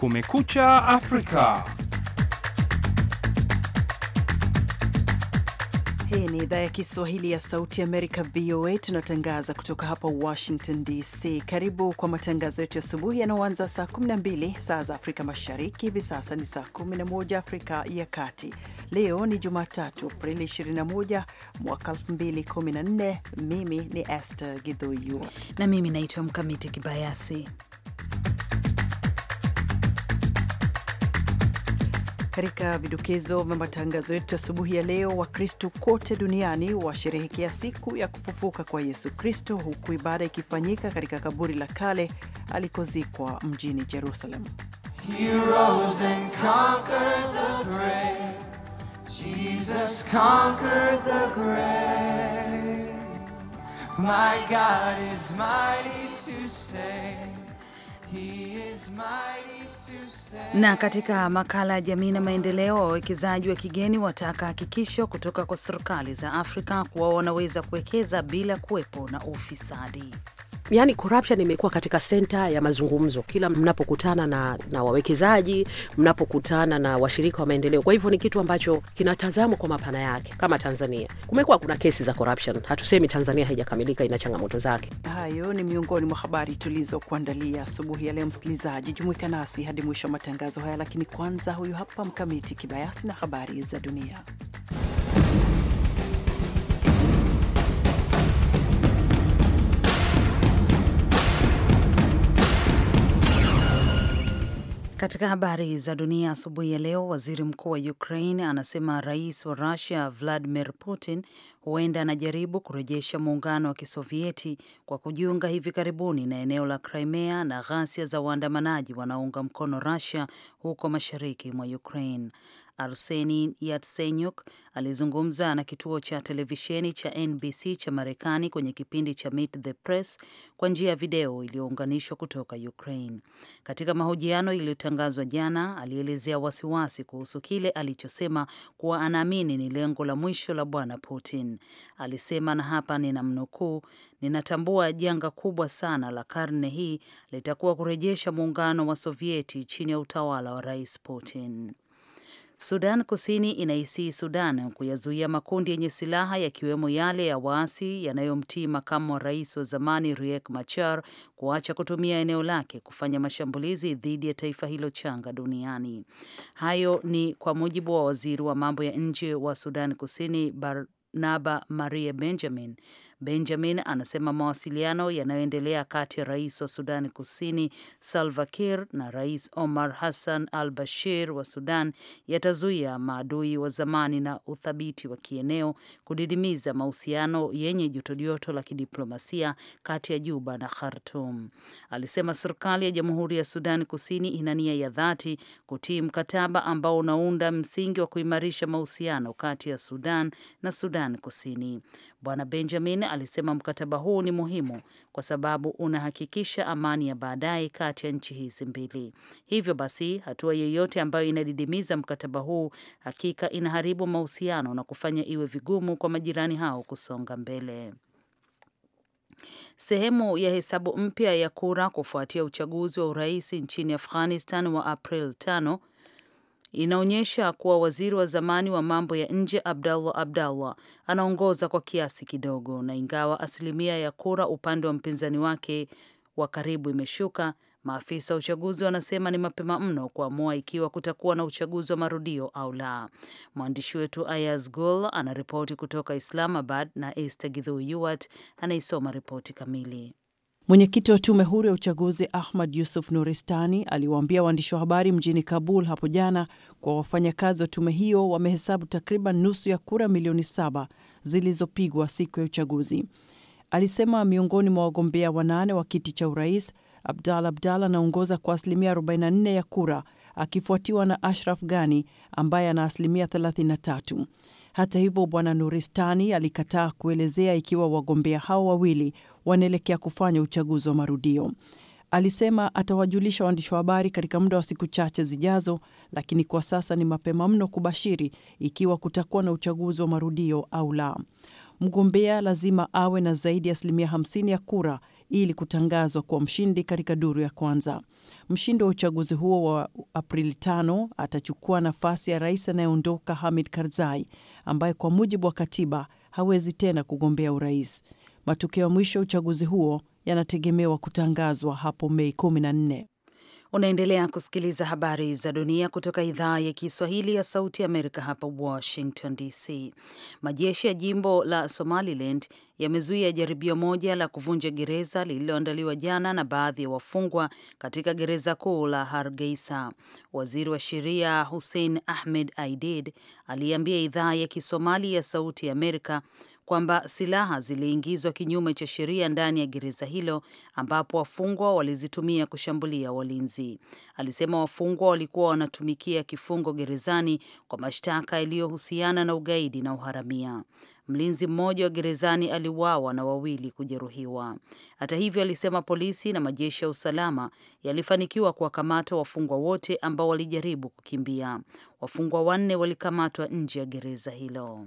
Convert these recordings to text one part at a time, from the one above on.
Kumekucha Afrika. Hii ni idhaa ya Kiswahili ya Sauti Amerika, VOA. Tunatangaza kutoka hapa Washington DC. Karibu kwa matangazo yetu ya asubuhi yanayoanza saa 12 saa za Afrika Mashariki. Hivi sasa ni saa 11 Afrika ya Kati. Leo ni Jumatatu, Aprili 21 mwaka 2014. Mimi ni Esther Gidhoyuot na mimi naitwa Mkamiti Kibayasi katika vidokezo vya matangazo yetu asubuhi ya leo, Wakristo kote duniani washerehekea siku ya kufufuka kwa Yesu Kristo, huku ibada ikifanyika katika kaburi la kale alikozikwa mjini Jerusalem. My God is mighty to save. Na katika makala ya jamii na maendeleo, wawekezaji wa kigeni wataka hakikisho kutoka kwa serikali za Afrika kuwa wanaweza kuwekeza bila kuwepo na ufisadi yani corruption imekuwa katika senta ya mazungumzo kila mnapokutana na, na wawekezaji, mnapokutana na washirika wa maendeleo. Kwa hivyo ni kitu ambacho kinatazamwa kwa mapana yake. Kama Tanzania kumekuwa kuna kesi za corruption, hatusemi Tanzania haijakamilika, ina changamoto zake. Hayo ni miongoni mwa habari tulizokuandalia asubuhi ya leo. Msikilizaji, jumuika nasi hadi mwisho wa matangazo haya, lakini kwanza, huyu hapa Mkamiti Kibayasi na habari za dunia. Katika habari za dunia asubuhi ya leo, waziri mkuu wa Ukraine anasema rais wa Russia Vladimir Putin huenda anajaribu kurejesha muungano wa Kisovieti kwa kujiunga hivi karibuni na eneo la Crimea na ghasia za waandamanaji wanaounga mkono Rusia huko mashariki mwa Ukraine arseni Yatsenyuk alizungumza na kituo cha televisheni cha NBC cha Marekani kwenye kipindi cha Meet the Press kwa njia ya video iliyounganishwa kutoka Ukraine. Katika mahojiano yaliyotangazwa jana, alielezea wasiwasi kuhusu kile alichosema kuwa anaamini ni lengo la mwisho la Bwana Putin. Alisema, na hapa ninamnukuu, ninatambua janga kubwa sana la karne hii litakuwa kurejesha muungano wa Sovieti chini ya utawala wa Rais Putin. Sudan Kusini inaisii Sudan kuyazuia makundi yenye silaha yakiwemo yale ya waasi yanayomtii makamu wa rais wa zamani Riek Machar kuacha kutumia eneo lake kufanya mashambulizi dhidi ya taifa hilo changa duniani. Hayo ni kwa mujibu wa waziri wa mambo ya nje wa Sudan Kusini Barnaba Marie Benjamin Benjamin anasema mawasiliano yanayoendelea kati ya rais wa Sudani Kusini Salva Kiir na rais Omar Hassan al Bashir wa Sudan yatazuia maadui wa zamani na uthabiti wa kieneo kudidimiza mahusiano yenye jotojoto la kidiplomasia kati ya Juba na Khartum. Alisema serikali ya Jamhuri ya Sudani Kusini ina nia ya dhati kutii mkataba ambao unaunda msingi wa kuimarisha mahusiano kati ya Sudan na Sudan Kusini. Bwana Benjamin alisema mkataba huu ni muhimu kwa sababu unahakikisha amani ya baadaye kati ya nchi hizi mbili. Hivyo basi, hatua yeyote ambayo inadidimiza mkataba huu hakika inaharibu mahusiano na kufanya iwe vigumu kwa majirani hao kusonga mbele. Sehemu ya hesabu mpya ya kura kufuatia uchaguzi wa urais nchini Afghanistan wa April tano inaonyesha kuwa waziri wa zamani wa mambo ya nje Abdallah Abdallah anaongoza kwa kiasi kidogo, na ingawa asilimia ya kura upande wa mpinzani wake wa karibu imeshuka, maafisa wa uchaguzi wanasema ni mapema mno kuamua ikiwa kutakuwa na uchaguzi wa marudio au la. Mwandishi wetu Ayaz Gul anaripoti kutoka Islamabad na Esther Githui yuat anaisoma ripoti kamili. Mwenyekiti wa tume huru ya uchaguzi Ahmad Yusuf Nuristani aliwaambia waandishi wa habari mjini Kabul hapo jana kwa wafanyakazi wa tume hiyo wamehesabu takriban nusu ya kura milioni saba zilizopigwa siku ya uchaguzi. Alisema miongoni mwa wagombea wanane wa kiti cha urais, Abdalla Abdalla anaongoza kwa asilimia 44 ya kura akifuatiwa na Ashraf Ghani ambaye ana asilimia 33. Hata hivyo, bwana Nuristani alikataa kuelezea ikiwa wagombea hao wawili wanaelekea kufanya uchaguzi wa marudio. Alisema atawajulisha waandishi wa habari katika muda wa siku chache zijazo, lakini kwa sasa ni mapema mno kubashiri ikiwa kutakuwa na uchaguzi wa marudio au la. Mgombea lazima awe na zaidi ya asilimia 50 ya kura ili kutangazwa kuwa mshindi katika duru ya kwanza. Mshindi wa uchaguzi huo wa Aprili 5 atachukua nafasi ya rais anayeondoka Hamid Karzai, ambaye kwa mujibu wa katiba hawezi tena kugombea urais. Matokeo ya mwisho ya uchaguzi huo yanategemewa kutangazwa hapo Mei 14. Unaendelea kusikiliza habari za dunia kutoka idhaa ya Kiswahili ya Sauti Amerika hapa Washington DC. Majeshi ya jimbo la Somaliland yamezuia jaribio moja la kuvunja gereza lililoandaliwa jana na baadhi ya wafungwa katika gereza kuu la Hargeisa. Waziri wa sheria Hussein Ahmed Aidid aliambia idhaa ya Kisomali ya Sauti Amerika kwamba silaha ziliingizwa kinyume cha sheria ndani ya gereza hilo ambapo wafungwa walizitumia kushambulia walinzi. Alisema wafungwa walikuwa wanatumikia kifungo gerezani kwa mashtaka yaliyohusiana na ugaidi na uharamia. Mlinzi mmoja wa gerezani aliuawa na wawili kujeruhiwa. Hata hivyo, alisema polisi na majeshi ya usalama yalifanikiwa kuwakamata wafungwa wote ambao walijaribu kukimbia. Wafungwa wanne walikamatwa nje ya gereza hilo.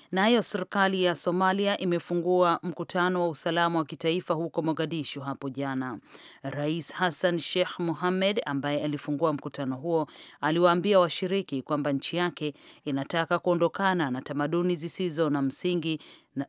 Nayo na serikali ya Somalia imefungua mkutano wa usalama wa kitaifa huko Mogadishu hapo jana. Rais Hassan Sheikh Mohamed ambaye alifungua mkutano huo aliwaambia washiriki kwamba nchi yake inataka kuondokana na tamaduni zisizo na msingi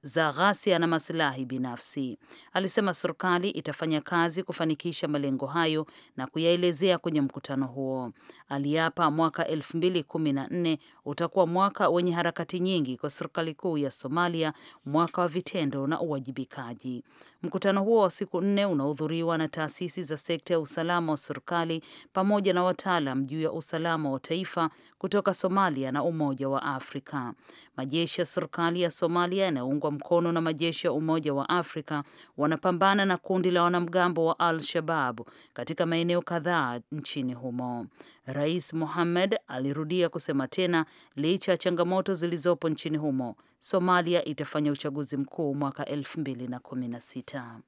za ghasia na masilahi binafsi. Alisema serikali itafanya kazi kufanikisha malengo hayo na kuyaelezea kwenye mkutano huo. Aliapa mwaka 2014 utakuwa mwaka wenye harakati nyingi kwa serikali serikali kuu ya Somalia mwaka wa vitendo na uwajibikaji. Mkutano huo wa siku nne unahudhuriwa na taasisi za sekta ya usalama wa serikali pamoja na wataalam juu ya usalama wa taifa kutoka Somalia na Umoja wa Afrika. Majeshi ya serikali ya Somalia yanayoungwa mkono na majeshi ya Umoja wa Afrika wanapambana na kundi la wanamgambo wa Al Shabab katika maeneo kadhaa nchini humo. Rais Mohamed alirudia kusema tena, licha ya changamoto zilizopo nchini humo Somalia itafanya uchaguzi mkuu mwaka 2016.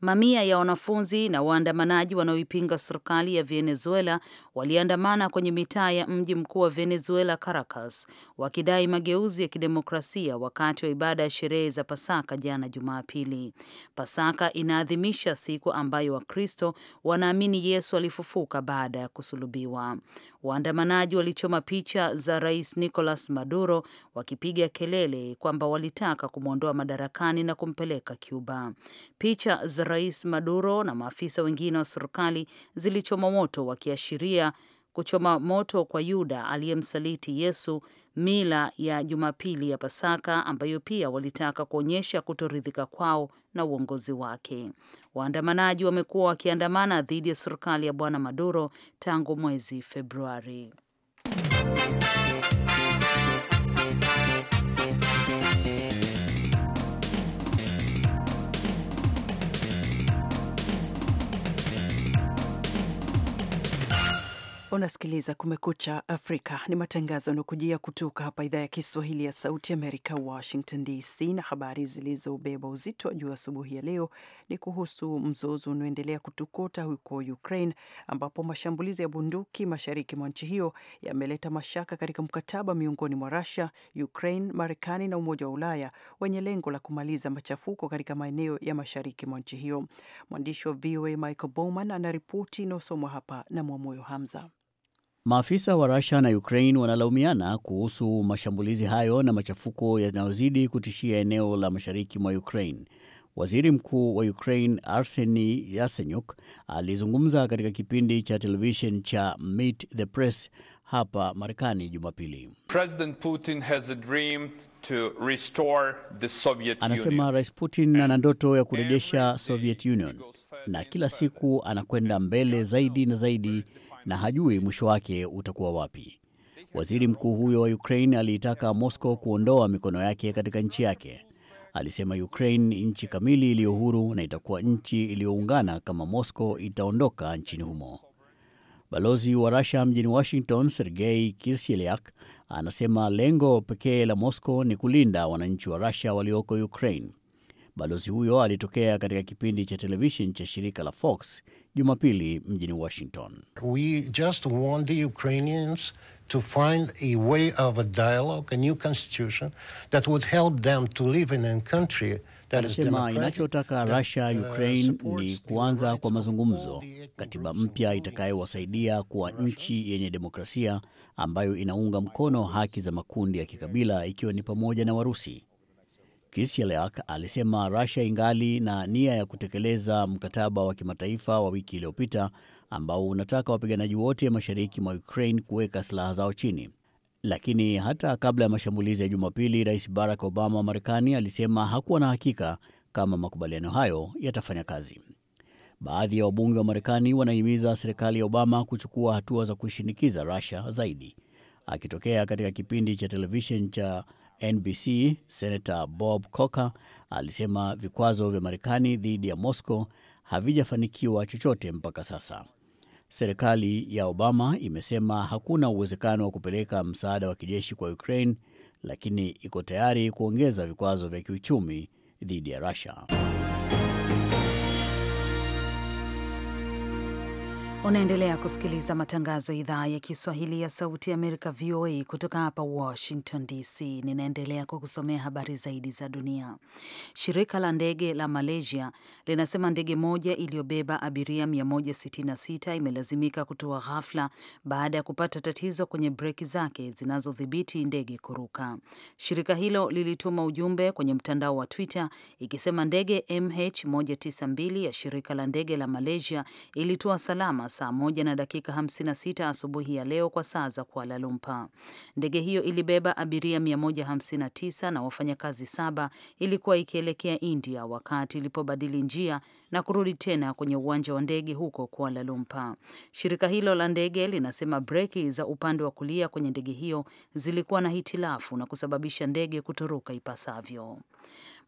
Mamia ya wanafunzi na waandamanaji wanaoipinga serikali ya Venezuela waliandamana kwenye mitaa ya mji mkuu wa Venezuela, Caracas, wakidai mageuzi ya kidemokrasia wakati wa ibada ya sherehe za Pasaka jana Jumapili. Pasaka inaadhimisha siku ambayo Wakristo wanaamini Yesu alifufuka baada ya kusulubiwa. Waandamanaji walichoma picha za Rais Nicolas Maduro wakipiga kelele kwamba walitaka kumwondoa madarakani na kumpeleka Cuba. Picha za Rais Maduro na maafisa wengine wa serikali zilichoma moto, wakiashiria kuchoma moto kwa Yuda aliyemsaliti Yesu, mila ya Jumapili ya Pasaka ambayo pia walitaka kuonyesha kutoridhika kwao na uongozi wake. Waandamanaji wamekuwa wakiandamana dhidi ya serikali ya Bwana Maduro tangu mwezi Februari. Unasikiliza Kumekucha Afrika, ni matangazo yanakujia kutoka hapa idhaa ya Kiswahili ya Sauti Amerika, Washington DC. Na habari zilizobeba uzito wa juu asubuhi ya leo ni kuhusu mzozo unaoendelea kutukota huko Ukraine, ambapo mashambulizi ya bunduki mashariki mwa nchi hiyo yameleta mashaka katika mkataba miongoni mwa rasia Ukraine, Marekani na Umoja wa Ulaya wenye lengo la kumaliza machafuko katika maeneo ya mashariki mwa nchi hiyo. Mwandishi wa VOA Michael Bowman anaripoti inayosomwa hapa na Mwamoyo Hamza. Maafisa wa Rusia na Ukraine wanalaumiana kuhusu mashambulizi hayo na machafuko yanayozidi kutishia eneo la mashariki mwa Ukraine. Waziri Mkuu wa Ukraine Arseni Yasenyuk alizungumza katika kipindi cha televishen cha Meet the Press hapa Marekani Jumapili. President Putin has a dream to restore the Soviet anasema Rais Putin ana ndoto ya kurejesha Soviet Union na kila siku anakwenda mbele zaidi na zaidi na hajui mwisho wake utakuwa wapi. Waziri mkuu huyo wa Ukraine aliitaka Moscow kuondoa mikono yake katika nchi yake. Alisema Ukraine ni nchi kamili iliyo huru na itakuwa nchi iliyoungana kama Moscow itaondoka nchini humo. Balozi wa rusia mjini Washington, Sergei Kirseliak, anasema lengo pekee la Moscow ni kulinda wananchi wa rusia walioko Ukraine. Balozi huyo alitokea katika kipindi cha televishen cha shirika la Fox Jumapili mjini Washington. We just want the Ukrainians to find a way of a dialogue, a new constitution that would help them to live in a country Anasema inachotaka Russia uh, Ukraine ni kuanza kwa mazungumzo, katiba mpya itakayowasaidia kuwa nchi yenye demokrasia ambayo inaunga mkono haki za makundi ya kikabila ikiwa ni pamoja na Warusi. Kisielak alisema Russia ingali na nia ya kutekeleza mkataba wa kimataifa wa wiki iliyopita ambao unataka wapiganaji wote mashariki mwa Ukraine kuweka silaha zao chini. Lakini hata kabla ya mashambulizi ya Jumapili, Rais Barack Obama wa Marekani alisema hakuwa na hakika kama makubaliano hayo yatafanya kazi. Baadhi ya wabunge wa Marekani wanahimiza serikali ya Obama kuchukua hatua za kuishinikiza Russia zaidi. Akitokea katika kipindi cha televishen cha NBC, Senata Bob Corker alisema vikwazo vya Marekani dhidi ya Moscow havijafanikiwa chochote mpaka sasa. Serikali ya Obama imesema hakuna uwezekano wa kupeleka msaada wa kijeshi kwa Ukraine, lakini iko tayari kuongeza vikwazo vya kiuchumi dhidi ya Russia. Unaendelea kusikiliza matangazo ya idhaa ya Kiswahili ya Sauti ya Amerika, VOA, kutoka hapa Washington DC. Ninaendelea kukusomea habari zaidi za dunia. Shirika la ndege la Malaysia linasema ndege moja iliyobeba abiria 166 imelazimika kutoa ghafla baada ya kupata tatizo kwenye breki zake zinazodhibiti ndege kuruka. Shirika hilo lilituma ujumbe kwenye mtandao wa Twitter ikisema ndege MH192 ya shirika la ndege la Malaysia ilitoa salama saa moja na dakika 56 asubuhi ya leo kwa saa za Kuala Lumpur. Ndege hiyo ilibeba abiria 159 na wafanyakazi saba. Ilikuwa ikielekea India wakati ilipobadili njia na kurudi tena kwenye uwanja wa ndege huko Kuala Lumpur. Shirika hilo la ndege linasema breki za upande wa kulia kwenye ndege hiyo zilikuwa na hitilafu na kusababisha ndege kutoroka ipasavyo.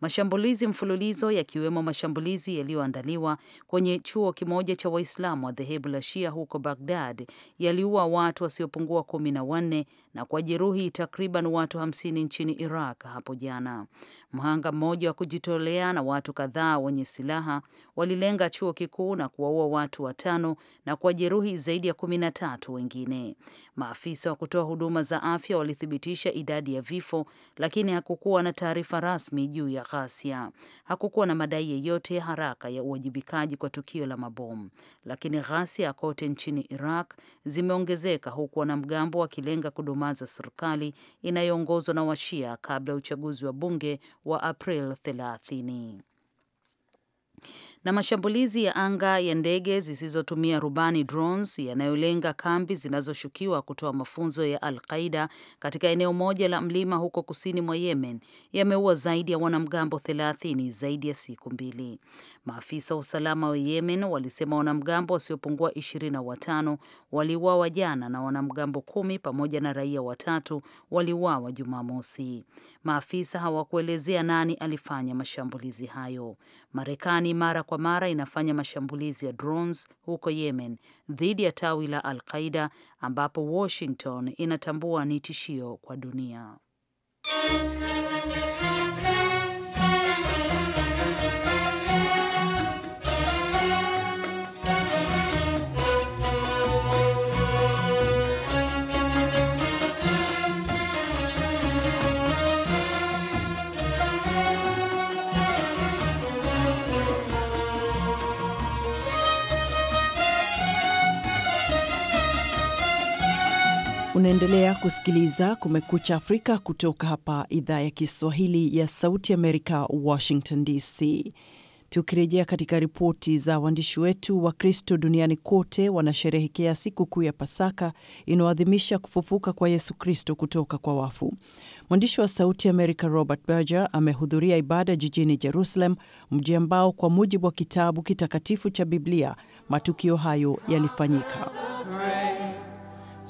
Mashambulizi mfululizo yakiwemo mashambulizi yaliyoandaliwa kwenye chuo kimoja cha Waislamu wa dhehebu la Shia huko Bagdad yaliua watu wasiopungua kumi na wanne na kwa jeruhi takriban watu hamsini nchini Iraq hapo jana. Mhanga mmoja wa kujitolea na watu kadhaa wenye silaha walilenga chuo kikuu na kuwaua watu watano na kwa jeruhi zaidi ya kumi na tatu wengine. Maafisa wa kutoa huduma za afya walithibitisha idadi ya vifo, lakini hakukuwa na taarifa rasmi juu ya ghasia. Hakukuwa na madai yeyote ya haraka ya uwajibikaji kwa tukio la mabomu, lakini ghasia kote nchini Iraq zimeongezeka huku wanamgambo wakilenga kudumaza serikali inayoongozwa na Washia kabla ya uchaguzi wa bunge wa April 30. Na mashambulizi ya anga ya ndege zisizotumia rubani drones yanayolenga kambi zinazoshukiwa kutoa mafunzo ya Al Qaida katika eneo moja la mlima huko kusini mwa Yemen yameua zaidi ya wanamgambo 30 zaidi ya siku mbili. Maafisa wa usalama wa Yemen walisema wanamgambo wasiopungua 25 waliuawa jana na wanamgambo kumi pamoja na raia watatu waliuawa Jumamosi. Maafisa hawakuelezea nani alifanya mashambulizi hayo. Marekani Marekani mara kwa mara inafanya mashambulizi ya drones huko Yemen dhidi ya tawi la Al-Qaida ambapo Washington inatambua ni tishio kwa dunia. Unaendelea kusikiliza Kumekucha Afrika kutoka hapa idhaa ya Kiswahili ya Sauti Amerika, Washington DC. Tukirejea katika ripoti za waandishi wetu, Wakristo duniani kote wanasherehekea sikukuu ya Pasaka inayoadhimisha kufufuka kwa Yesu Kristo kutoka kwa wafu. Mwandishi wa Sauti Amerika Robert Berger amehudhuria ibada jijini Jerusalem, mji ambao kwa mujibu wa kitabu kitakatifu cha Biblia matukio hayo yalifanyika.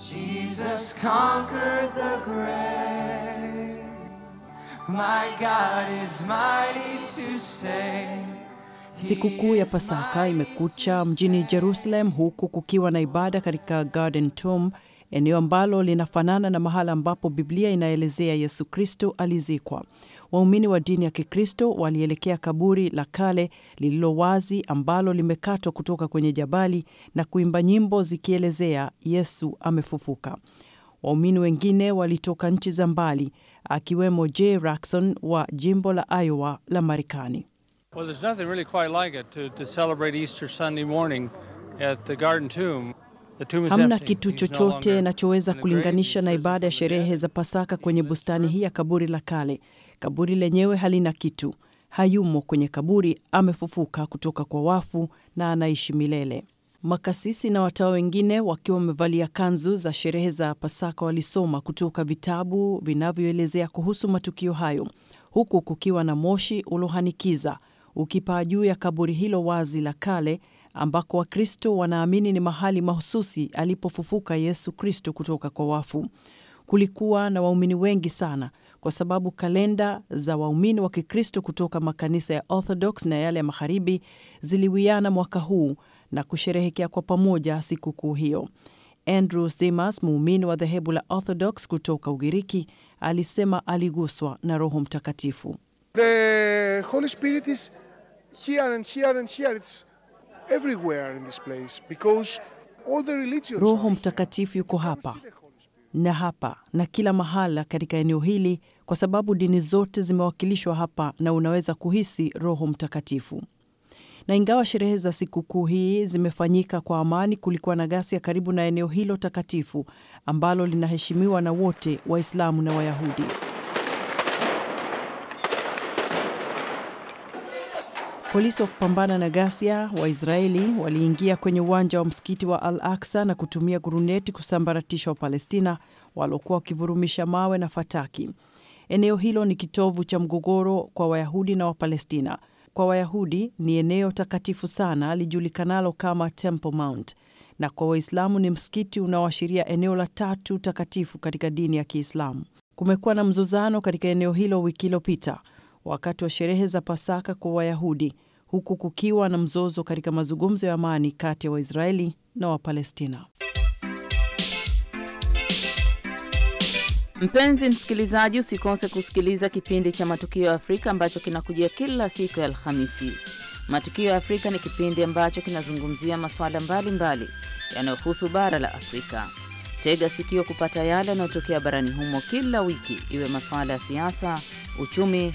Jesus conquered the grave. My God is mighty to save. Sikukuu ya Pasaka imekucha mjini Jerusalem huku kukiwa na ibada katika Garden Tomb, eneo ambalo linafanana na mahala ambapo Biblia inaelezea Yesu Kristo alizikwa waumini wa dini ya Kikristo walielekea kaburi la kale lililo wazi ambalo limekatwa kutoka kwenye jabali na kuimba nyimbo zikielezea Yesu amefufuka. Waumini wengine walitoka nchi za mbali akiwemo Jay Rackson wa jimbo la Iowa la Marekani. Well, hamna kitu chochote inachoweza no kulinganisha na ibada ya sherehe za Pasaka kwenye bustani hii ya kaburi la kale. Kaburi lenyewe halina kitu, hayumo kwenye kaburi, amefufuka kutoka kwa wafu na anaishi milele. Makasisi na watawa wengine wakiwa wamevalia kanzu za sherehe za Pasaka walisoma kutoka vitabu vinavyoelezea kuhusu matukio hayo, huku kukiwa na moshi uliohanikiza ukipaa juu ya kaburi hilo wazi la kale ambako Wakristo wanaamini ni mahali mahususi alipofufuka Yesu Kristo kutoka kwa wafu. Kulikuwa na waumini wengi sana kwa sababu kalenda za waumini wa Kikristo kutoka makanisa ya Orthodox na yale ya magharibi ziliwiana mwaka huu na kusherehekea kwa pamoja sikukuu hiyo. Andrew Zimas, muumini wa dhehebu la Orthodox kutoka Ugiriki, alisema aliguswa na Roho Mtakatifu. The Holy Spirit is here and here and here. It's everywhere in this place because all the religions. Roho Mtakatifu yuko hapa na hapa na kila mahala katika eneo hili, kwa sababu dini zote zimewakilishwa hapa na unaweza kuhisi Roho Mtakatifu. Na ingawa sherehe za sikukuu hii zimefanyika kwa amani, kulikuwa na ghasia karibu na eneo hilo takatifu ambalo linaheshimiwa na wote, Waislamu na Wayahudi. Polisi wa kupambana na ghasia wa Israeli waliingia kwenye uwanja wa msikiti wa Al Aksa na kutumia guruneti kusambaratisha Wapalestina waliokuwa wakivurumisha mawe na fataki. Eneo hilo ni kitovu cha mgogoro kwa Wayahudi na Wapalestina. Kwa Wayahudi ni eneo takatifu sana lijulikanalo kama Temple Mount, na kwa Waislamu ni msikiti unaoashiria eneo la tatu takatifu katika dini ya Kiislamu. Kumekuwa na mzozano katika eneo hilo wiki iliyopita wakati wa sherehe za Pasaka kwa Wayahudi, huku kukiwa na mzozo katika mazungumzo ya amani kati ya Waisraeli na Wapalestina. Mpenzi msikilizaji, usikose kusikiliza kipindi cha Matukio ya Afrika ambacho kinakujia kila siku ya Alhamisi. Matukio ya Afrika ni kipindi ambacho kinazungumzia masuala mbalimbali yanayohusu bara la Afrika. Tega sikio kupata yale yanayotokea barani humo kila wiki, iwe masuala ya siasa, uchumi,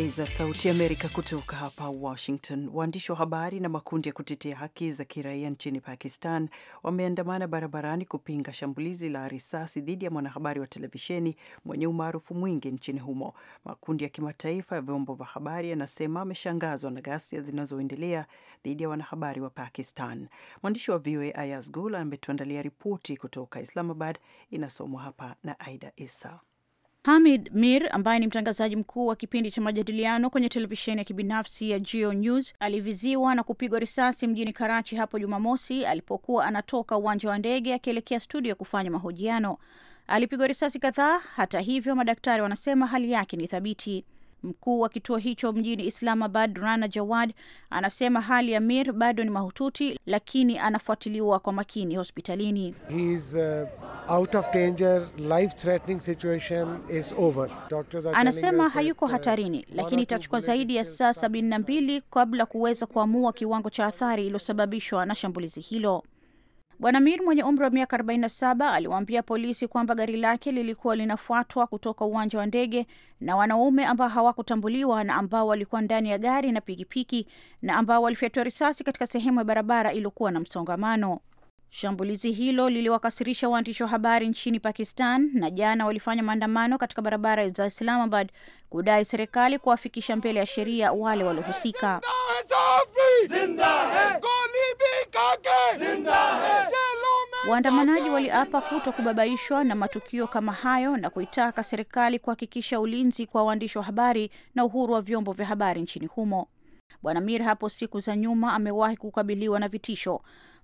Unasikiliza Sauti ya Amerika kutoka hapa Washington. Waandishi wa habari na makundi ya kutetea haki za kiraia nchini Pakistan wameandamana barabarani kupinga shambulizi la risasi dhidi ya mwanahabari wa televisheni mwenye umaarufu mwingi nchini humo. Makundi ya kimataifa ya vyombo vya habari yanasema ameshangazwa na ghasia zinazoendelea dhidi ya wanahabari wa Pakistan. Mwandishi wa VOA Ayaz Gul ametuandalia ripoti kutoka Islamabad, inasomwa hapa na Aida Isa. Hamid Mir ambaye ni mtangazaji mkuu wa kipindi cha majadiliano kwenye televisheni ya kibinafsi ya Geo News aliviziwa na kupigwa risasi mjini Karachi hapo Jumamosi alipokuwa anatoka uwanja wa ndege akielekea studio kufanya mahojiano. Alipigwa risasi kadhaa. Hata hivyo, madaktari wanasema hali yake ni thabiti. Mkuu wa kituo hicho mjini Islamabad, Rana Jawad, anasema hali ya Mir bado ni mahututi, lakini anafuatiliwa kwa makini hospitalini. He's, uh out of danger, life threatening situation is over. Doctors are anasema hayuko uh, hatarini, lakini itachukua zaidi ya saa mbili kabla kuweza kuamua kiwango cha athari iliyosababishwa na shambulizi hilo. Bwana Mir mwenye umri wa miaka 47 aliwaambia polisi kwamba gari lake lilikuwa linafuatwa kutoka uwanja wa ndege na wanaume ambao hawakutambuliwa na ambao walikuwa ndani ya gari na pikipiki na ambao walifyatua risasi katika sehemu ya barabara iliyokuwa na msongamano. Shambulizi hilo liliwakasirisha waandishi wa habari nchini Pakistan na jana walifanya maandamano katika barabara za Islamabad kudai serikali kuwafikisha mbele ya sheria wale waliohusika. Waandamanaji waliapa kuto kubabaishwa na matukio kama hayo na kuitaka serikali kuhakikisha ulinzi kwa waandishi wa habari na uhuru wa vyombo vya habari nchini humo. Bwana Mir hapo siku za nyuma amewahi kukabiliwa na vitisho.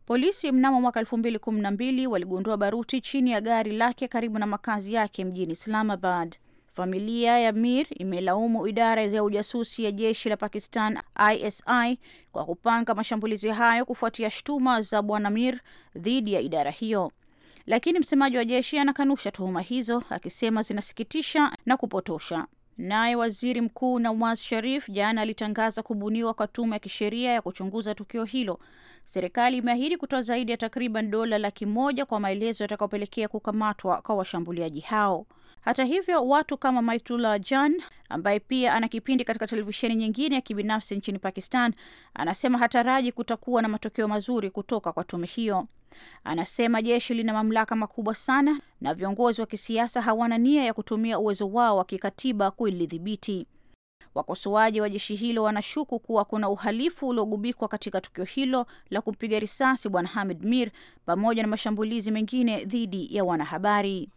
Polisi mnamo mwaka elfu mbili kumi na mbili waligundua baruti chini ya gari lake karibu na makazi yake mjini Islamabad. Familia ya Mir imelaumu idara ya ujasusi ya jeshi la Pakistan ISI kwa kupanga mashambulizi hayo kufuatia shtuma za bwana Mir dhidi ya idara hiyo, lakini msemaji wa jeshi anakanusha tuhuma hizo akisema zinasikitisha na kupotosha. Naye waziri mkuu Nawaz Sharif jana alitangaza kubuniwa kwa tume ya kisheria ya kuchunguza tukio hilo Serikali imeahidi kutoa zaidi ya takriban dola laki moja kwa maelezo yatakaopelekea kukamatwa kwa washambuliaji hao. Hata hivyo, watu kama Maitullah Jan ambaye pia ana kipindi katika televisheni nyingine ya kibinafsi nchini Pakistan anasema hataraji kutakuwa na matokeo mazuri kutoka kwa tume hiyo. Anasema jeshi lina mamlaka makubwa sana na viongozi wa kisiasa hawana nia ya kutumia uwezo wao wa kikatiba kulidhibiti. Wakosoaji wa jeshi hilo wanashuku kuwa kuna uhalifu uliogubikwa katika tukio hilo la kumpiga risasi Bwana Hamid Mir pamoja na mashambulizi mengine dhidi ya wanahabari.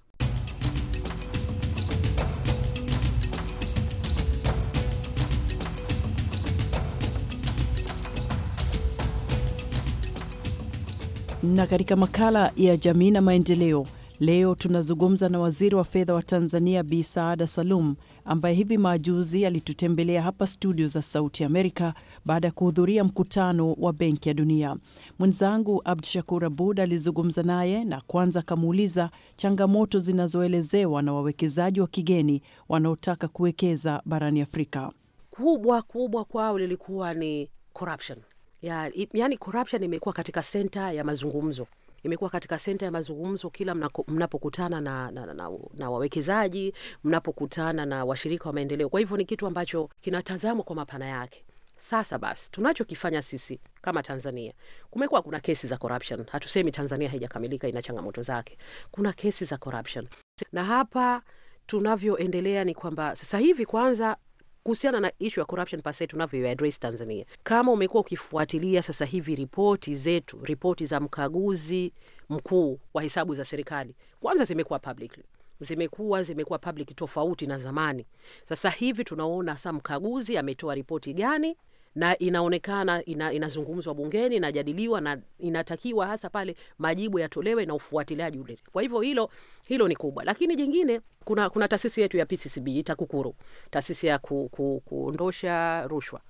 Na katika makala ya jamii na maendeleo Leo tunazungumza na waziri wa fedha wa Tanzania Bi Saada Salum ambaye hivi majuzi alitutembelea hapa studio za Sauti Amerika baada ya kuhudhuria mkutano wa Benki ya Dunia. Mwenzangu Abdu Shakur Abud alizungumza naye na kwanza akamuuliza changamoto zinazoelezewa na wawekezaji wa kigeni wanaotaka kuwekeza barani Afrika. Kubwa kubwa kwao lilikuwa ni corruption. Ya, yani corruption imekuwa katika senta ya mazungumzo imekuwa katika senta ya mazungumzo kila mnapokutana na, na, na, na, na wawekezaji mnapokutana na washirika wa maendeleo. Kwa hivyo ni kitu ambacho kinatazamwa kwa mapana yake. Sasa basi, tunachokifanya sisi kama Tanzania, kumekuwa kuna kesi za corruption. Hatusemi Tanzania haijakamilika, ina changamoto zake. Kuna kesi za corruption na hapa tunavyoendelea ni kwamba sasa hivi kwanza kuhusiana na ishu ya corruption pase se Tanzania. Kama umekuwa ukifuatilia sasa hivi ripoti zetu, ripoti za mkaguzi mkuu wa hesabu za serikali, kwanza zimekuwa publicly zimekuwa zimekuwa public tofauti na zamani. Sasa hivi tunaona sa mkaguzi ametoa ripoti gani, na inaonekana ina, inazungumzwa bungeni, inajadiliwa na inatakiwa hasa pale majibu yatolewe na ufuatiliaji ule. Kwa hivyo hilo hilo ni kubwa, lakini jingine kuna, kuna taasisi yetu ya PCCB TAKUKURU, taasisi ya ku, ku, kuondosha rushwa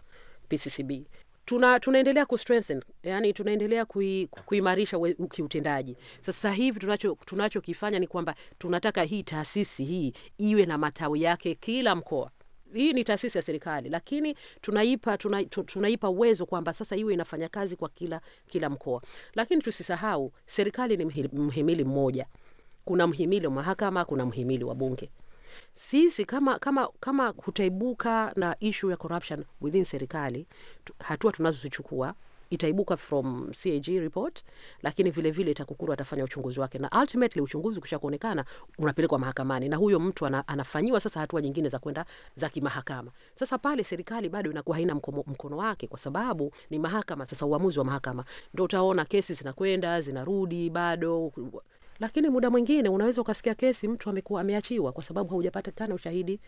PCCB tuna tunaendelea kustrengthen yani, tunaendelea kui, kiutendaji. Sasa hivi tunacho tunachokifanya ni kwamba tunataka hii taasisi hii iwe na matawi yake kila mkoa hii ni taasisi ya serikali, lakini tunaipa tuna, tunaipa uwezo kwamba sasa iwe inafanya kazi kwa kila kila mkoa. Lakini tusisahau serikali ni mhimili mmoja, kuna mhimili wa mahakama, kuna mhimili wa bunge. Sisi kama kama kama kutaibuka na ishu ya corruption within serikali, hatua tunazozichukua itaibuka from CAG report, lakini vile vile TAKUKURU atafanya uchunguzi wake, na ultimately uchunguzi kisha kuonekana unapelekwa mahakamani, na huyo mtu ana, anafanyiwa sasa hatua nyingine za kwenda za kimahakama. Sasa pale serikali bado inakuwa haina mkono, mkono wake, kwa sababu ni mahakama. Sasa uamuzi wa mahakama ndio utaona kesi zinakwenda zinarudi bado lakini muda mwingine unaweza ukasikia kesi mtu amekuwa ameachiwa kwa sababu haujapatikana ushahidi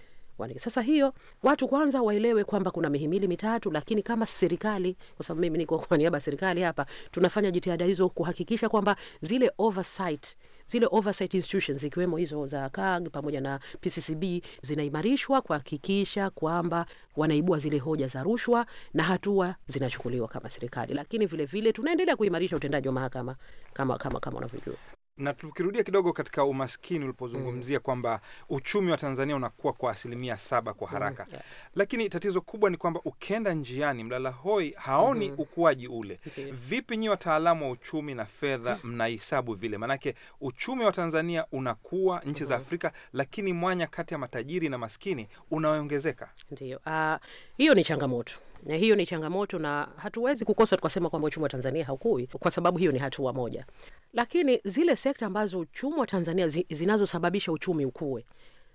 kuandika. Sasa hiyo watu kwanza waelewe kwamba kuna mihimili mitatu, lakini kama serikali, kwa sababu mimi niko kwa niaba ya serikali hapa, tunafanya jitihada hizo kuhakikisha kwamba zile oversight zile oversight institutions ikiwemo hizo za KAG pamoja na PCCB zinaimarishwa kuhakikisha kwamba wanaibua zile hoja za rushwa na hatua zinachukuliwa kama serikali. Lakini vilevile tunaendelea kuimarisha utendaji wa mahakama kama, kama, kama unavyojua. Na tukirudia kidogo katika umaskini ulipozungumzia mm. kwamba uchumi wa Tanzania unakuwa kwa asilimia saba kwa mm. haraka mm. yeah. lakini tatizo kubwa ni kwamba ukenda njiani mlala hoi haoni mm -hmm. ukuaji ule okay. Vipi nyi wataalamu wa uchumi na fedha mm. mnahesabu vile? Maanake uchumi wa Tanzania unakuwa nchi mm -hmm. za mm-hmm. Afrika, lakini mwanya kati ya matajiri na maskini unaongezeka. Ndio uh, hiyo ni changamoto na hiyo ni changamoto, na hatuwezi kukosa tukasema kwamba uchumi wa Tanzania haukui, kwa sababu hiyo ni hatua moja. Lakini zile sekta ambazo uchumi wa Tanzania zinazosababisha uchumi ukue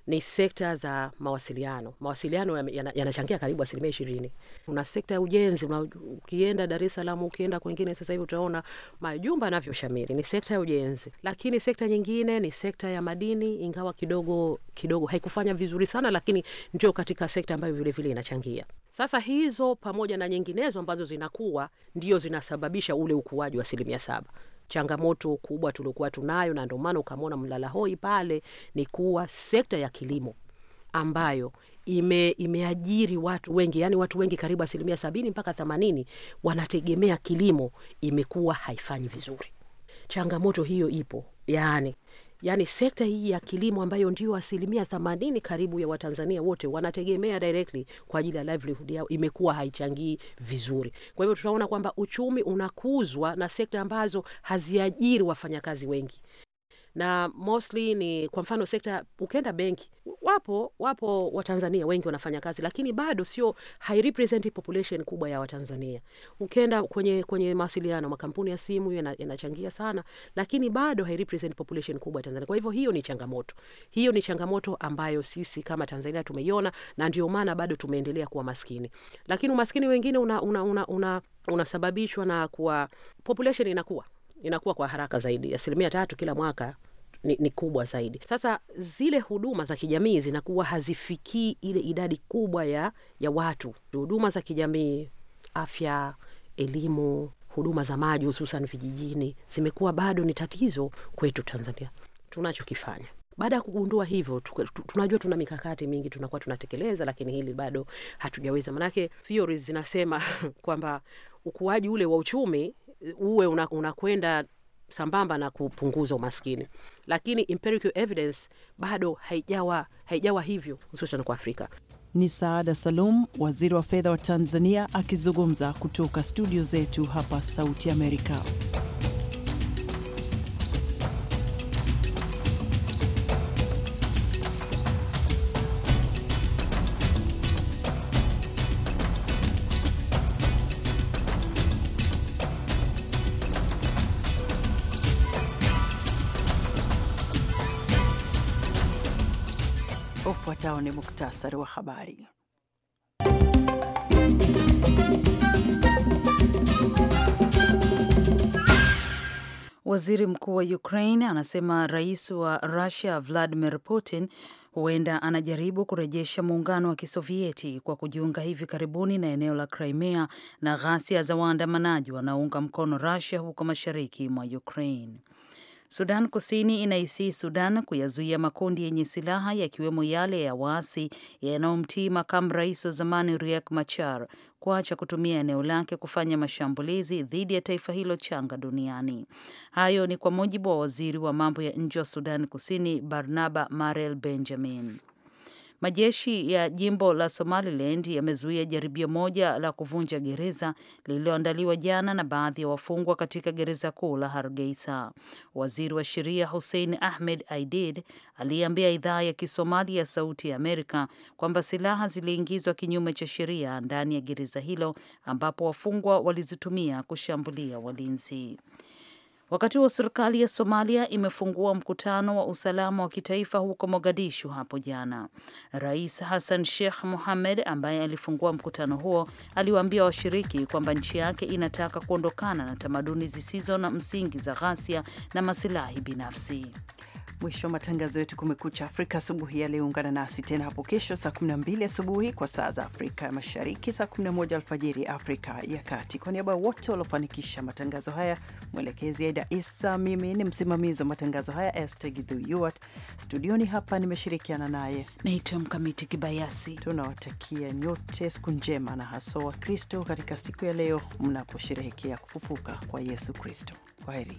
ni sekta za mawasiliano. Mawasiliano yanachangia yana karibu asilimia ishirini. Kuna sekta ya ujenzi, ukienda Dar es Salaam, ukienda kwengine sasa hivi utaona majumba yanavyoshamiri, ni sekta ya ujenzi. Lakini sekta nyingine ni sekta ya madini, ingawa kidogo kidogo haikufanya vizuri sana, lakini ndio katika sekta ambayo vilevile inachangia. Sasa hizo pamoja na nyinginezo ambazo zinakuwa ndio zinasababisha ule ukuaji wa asilimia saba. Changamoto kubwa tuliokuwa tunayo, na ndio maana ukamwona mlala hoi pale, ni kuwa sekta ya kilimo ambayo ime, imeajiri watu wengi, yani watu wengi karibu asilimia sabini mpaka themanini wanategemea kilimo, imekuwa haifanyi vizuri. Changamoto hiyo ipo, yani yani sekta hii ya kilimo ambayo ndio asilimia themanini karibu ya Watanzania wote wanategemea directly kwa ajili ya livelihood yao imekuwa haichangii vizuri. Kwa hivyo tunaona kwamba uchumi unakuzwa na sekta ambazo haziajiri wafanyakazi wengi na mostly ni kwa mfano sekta, ukienda benki Wapo wapo Watanzania wengi wanafanya kazi, lakini bado sio hairepresent population kubwa ya Watanzania. Ukienda kwenye kwenye mawasiliano, makampuni ya simu yanachangia sana, lakini bado hairepresent population kubwa ya Tanzania. Kwa hivyo hiyo ni changamoto, hiyo ni changamoto ambayo sisi kama Tanzania tumeiona, na ndio maana bado tumeendelea kuwa maskini. Lakini umaskini wengine una, una, una, una unasababishwa na kuwa population inakuwa inakuwa kwa haraka zaidi, asilimia tatu kila mwaka ni, ni kubwa zaidi. Sasa zile huduma za kijamii zinakuwa hazifikii ile idadi kubwa ya, ya watu. Huduma za kijamii, afya, elimu, huduma za maji hususan vijijini zimekuwa bado ni tatizo kwetu Tanzania. Tunachokifanya baada ya kugundua hivyo, tunajua tuna mikakati mingi tunakuwa tunatekeleza, lakini hili bado hatujaweza. Manake theories zinasema kwamba ukuaji ule wa uchumi uwe unakwenda sambamba na kupunguza umaskini, lakini empirical evidence bado haijawa, haijawa hivyo hususan kwa Afrika. Ni Saada Salum, waziri wa fedha wa Tanzania, akizungumza kutoka studio zetu hapa Sauti Amerika. ni muktasari wa habari. Waziri mkuu wa Ukraine anasema rais wa Russia Vladimir Putin huenda anajaribu kurejesha muungano wa Kisovieti kwa kujiunga hivi karibuni na eneo la Crimea na ghasia za waandamanaji wanaounga mkono Russia huko mashariki mwa Ukraine. Sudan Kusini inaisii Sudan kuyazuia makundi yenye silaha yakiwemo yale ya waasi yanayomtii makamu rais wa zamani Riek Machar kuacha kutumia eneo lake kufanya mashambulizi dhidi ya taifa hilo changa duniani. Hayo ni kwa mujibu wa waziri wa mambo ya nje wa Sudan Kusini Barnaba Marel Benjamin. Majeshi ya jimbo la Somaliland yamezuia jaribio moja la kuvunja gereza lililoandaliwa jana na baadhi ya wafungwa katika gereza kuu la Hargeisa. Waziri wa sheria Hussein Ahmed Aidid aliyeambia idhaa ya Kisomali ya Sauti ya Amerika kwamba silaha ziliingizwa kinyume cha sheria ndani ya gereza hilo ambapo wafungwa walizitumia kushambulia walinzi. Wakati huo serikali ya Somalia imefungua mkutano wa usalama wa kitaifa huko Mogadishu hapo jana. Rais Hassan Sheikh Mohamed ambaye alifungua mkutano huo aliwaambia washiriki kwamba nchi yake inataka kuondokana na tamaduni zisizo na msingi za ghasia na masilahi binafsi mwisho wa matangazo yetu Kumekucha Afrika asubuhi ya leo. Ungana nasi tena hapo kesho saa 12 asubuhi kwa saa za Afrika Mashariki, saa 11 alfajiri Afrika ya Kati. Kwa niaba ya wote waliofanikisha matangazo haya, mwelekezi Aida isa mimi ni msimamizi wa matangazo haya Estegidhyuat, studioni hapa nimeshirikiana naye naitwa Mkamiti Kibayasi. Tunawatakia nyote siku njema na haswa Wakristo katika siku ya leo mnaposherehekea kufufuka kwa Yesu Kristo. Kwaheri.